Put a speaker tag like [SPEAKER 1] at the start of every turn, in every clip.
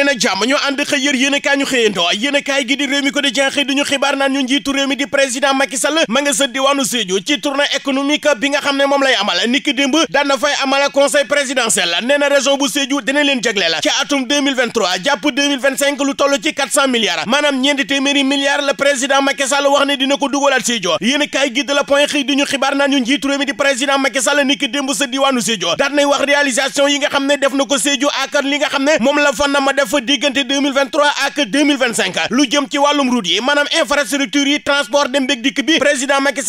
[SPEAKER 1] dalee na jàmm ñoo ànd bu Sédhiou dina leen jagle la ci atum 2023 lu toll ci 400 milliards maanaam ñeenti téeméeri milliards la président Macky a kaay gi de la point xëy du niki démb sët diwaanu Sédhiou wax réalisation yi nga xam ne def na ko Sédhiou ak li nga xam ne moom la fa na ma def fa diggante 2023 ak 2025 lu jëm ci wàllum route yi maanaam infrastructure yi transport dem beeg dikk bi président Macky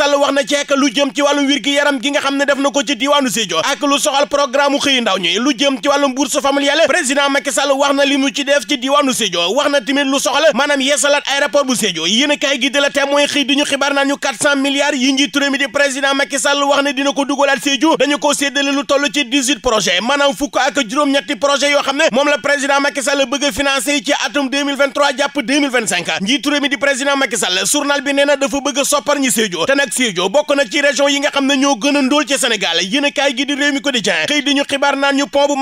[SPEAKER 1] lu jëm ci wàllum wér yaram gi nga xam ne def na ko ci diwaanu Sédhiou ak lu soxal programme xëy ndaw ñi lu jëm ci wàllum bourse familiale président Macky Sall wax na li mu ci def ci diwaanu Sédhiou wax na tamit lu soxal maanaam yeesalaat aéroport bu Sédhiou yéen a kaay gi de la témoin xëy di ñu xibaar naan ñu 400 yi njiitu di président ko dugalaat lu toll ci 18 projet maanaam projet yoo xam ne moom la président Macky bëgg a ci atum 2023 jàpp 2025 njiitu réew mi di président Macky Sall journal bi nee na dafa bëgg a soppar ñi te nag Sédhiou na ci région yi nga xam ne ñoo gën a ndóol ci Sénégal kaay gi di réew mi di ñu xibaar naan ñu pont bu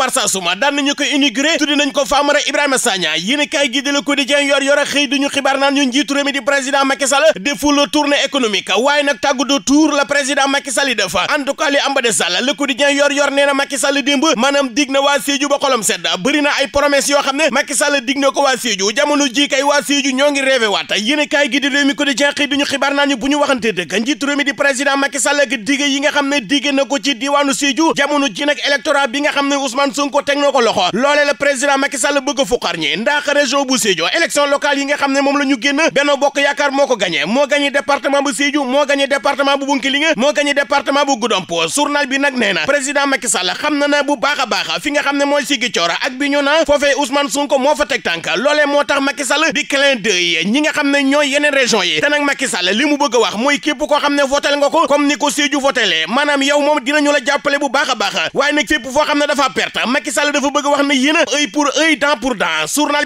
[SPEAKER 1] daan nañu ko inauguré tuddi nañ ko Famara a kaay gi di le quotidien yor yor a xëy di ñu xibaar naan ñu njiitu réew di président Macky Sall deful tournée économique waaye nag tàggu de tour la président Macky Sall yi def en tout cas li amba de Sall le quotidien yor yor nee na Macky Sall démb maanaam dig na waa Sédhiou ba xolam sedd bëri ay promesse yoo xam ne Macky Sall ko waa Sédhiou jamono ji kay waa Sédhiou ñoo ngi réewe waat yéen kaay gi di réew mi ko di jenqi duñu xibaar ñu bu ñu waxante dëgg njiitu réew mi di président Macky Sall yi nga xam ne digge na ko ci diwaanu Sédhiou jamono ji nag électorat bi nga xam ne Ousmane Sonko teg na ko loxo loole la président Macky Sall bëgg a fuqar ndax région bu Sédhiou élection locale yi nga xam ne moom la ñu génn Benno Bokk Yaakaar moo ko gagné moo moo gagné département bu Sonko moo fa teg tànk loolee moo tax Macky Sall di clin d'œil ñi nga xam ne ñooy yeneen région yi te nag Macky li mu bëgg a wax mooy képp koo xam ne votel nga ko comme ni ko Sédhiou votelee maanaam yow moom dinañu la jàppale bu baax a baax waaye ne fépp foo xam ne dafa perte Macky Sall bëgg a wax ne yéen a œil pour œil dent pour dent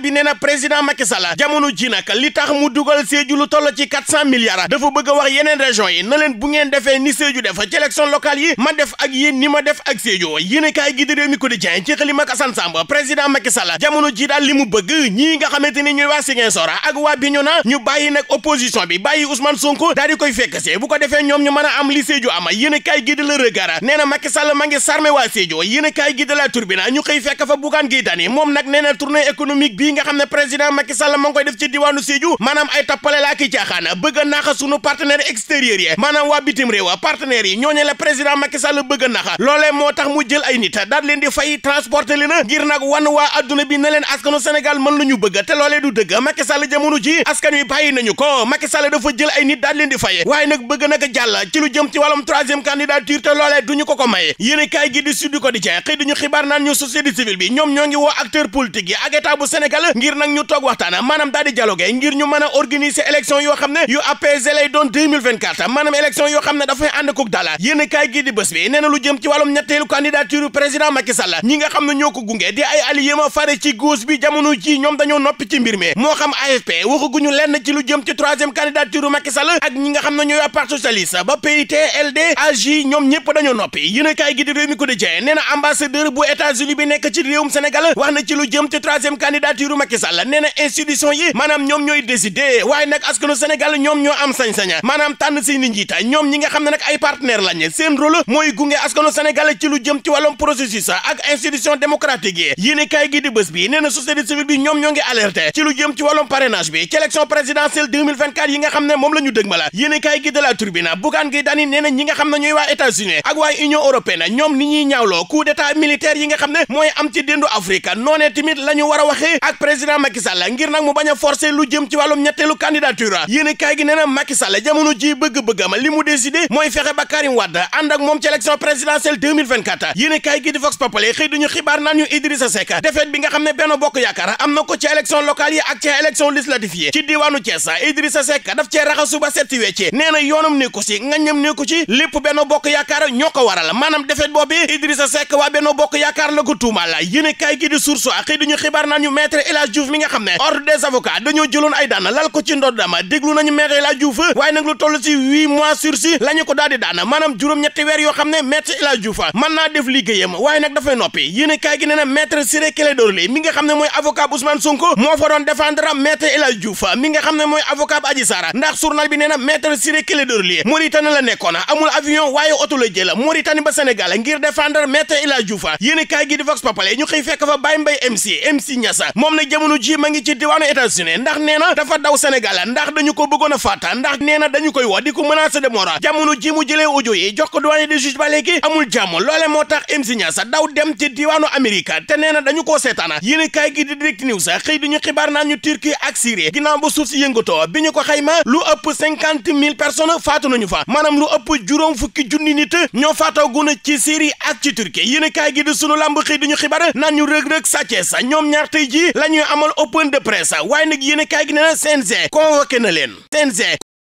[SPEAKER 1] bi nee na président Macky Sall jamono ji nag li tax mu dugal Sédhiou lu toll ci quatre cent milliards dafa bëgg a wax yeneen région yi ci daal li bëgg ñii nga xamante ni ñooy waa Ziguinchor ak waa Bignona ñu bàyyi nag opposition bi bàyyi Ousmane Sonko daal koy fekk see bu ko defee ñoom ñu mën a am li Sédhiou ama yéen a kaay gi nee na Macky Sall ma ngi sarme waa Sédhiou yéen a kaay gi di la turbina ñu xëy fekk fa Bougane Gueye Dany moom nag nee na tournée économique bii nga xam ne président Macky Sall ma koy def ci diwaanu Sédhiou maanaam ay tappale ki caaxaan bëgg a naaxa yi maanaam waa a naxa askanu Sénégal mën lu ñu bëgg te loolee du dëgg Macky Sall jamono ji askan wi bàyyi nañu ko Macky Sall dafa jël ay nit daal leen di faye waaye nag bëgg nag jàll ci lu jëm ci wàllum troisième candidature te loolee du ñu ko ko may yéen kaay gi di Sud Quotidien ñu xibaar naan ñu société civile bi ñoom ñoo ngi woo acteur politique yi ak état bu nag ñu toog waxtaan maanaam daal di dialogue ñu mën a organiser élection yoo xam ne yu apaisé lay yoo xam ne dafay ànd kook dala yéen kaay gi di bés bi nee na lu jëm ci wàllum ñetteelu candidature président gauche bi jamono ji ñoom dañoo noppi ci mbir mi moo xam AFP waxaguñu lenn ci lu jëm ci troisième candidature ma Sall ak ñi nga xam ne ñooy waa parti socialiste ba PIT LD AJ ñoom ñëpp dañoo noppi yéen kaay gi di réew mi ko di jee nee na ambassadeur bu États-Unis bi nekk ci réewum Sénégal wax na ci lu jëm ci troisième candidature Macky Sall nee na institution yi maanaam ñoom ñooy décider waaye nag askanu Sénégal ñoom ñoo am sañ-saña maanaam tànn seeni njiita ñoom ñi nga xam ne nag ay partenaire lañ seen rôle mooy gunge askanu Sénégal ci lu jëm ci wàllum processus ak institution démocratique yi yéen kaay gi di bés bi société civile bi ñoom ñoo ngi alerté ci lu jëm ci wàllum parrainage bi ci élection présidentielle 2024 yi nga xam ne moom la ñu dëgmal yéen kaay gi de la Tribune Bougane Gueye Dany nee na ñi nga xam ne ñooy waa États-Unis ak waa Union ñoom ni ñuy ñaawloo coup d'état militaire yi nga xam ne mooy am ci déndu Afrique noonee tamit la ñu waxee ak président Macky Sall ngir nag mu bañ a jëm ci wàllum ñetteelu candidature yéen kaay gi nee gi bokk yaakaar am na ko ci élection locale yi ak ci élection législative yi ci diwaanu Thiès Idrissa Seck daf cee raxasu ba setti wecce nee na yoonam nekku si ngañam nekku ci lépp Benno Bokk Yaakaar ñoo ko waral maanaam defet boobu Idrissa Seck waa Benno Bokk Yaakaar la ko tuumal yéene kaay gi di source xëy duñu xibaar naan ñu maître El Hadj mi nga xam ne ordre des avocats dañoo jëloon ay daan lal ko ci ndodd dama déglu nañu ñu ko daal di daan na ne mooy avocat bu Ousmane Sonko moo fa doon défendre am maître El Hadj Diouf mi nga xam ne mooy avocat bu Adji Sarr ndax journal na maître Ciré Clédor Ly Mauritanie la nekkoon amul avion waaye oto la jël Mauritanie ba Sénégal ngir défendre maître El Hadj ndax nee na dafa daw Sénégal ndax dañu ko bëggoon faata ndax nee na dañu koy wax di ko menacer de mort jamono ji mu jëlee audio yi jox ko doyen des juges ba léegi amul jàmm loole moo tax MC Niass daw dem ci diwaanu Amérique te nee na dañu koo seetaana kaay gi di direct news xëy di ñu xibaar naan ñu Turquie ak Syrie ginnaaw ba suuf si yëngatoo bi ñu ko xayma lu ëpp cinquante mille personnes faatu nañu fa maanaam lu ëpp juróom fukki junni nit ñoo faatoogun ci Syrie ak ci Turquie yéen kaay gi di sunu lamb xëy di ñu xibaar na ñu rëg-rëg sàccee sa ñoom ñaar ji la ñuy amal open de presse waaye nag yéen kaay gi nee na CNG convoqué na leen CNG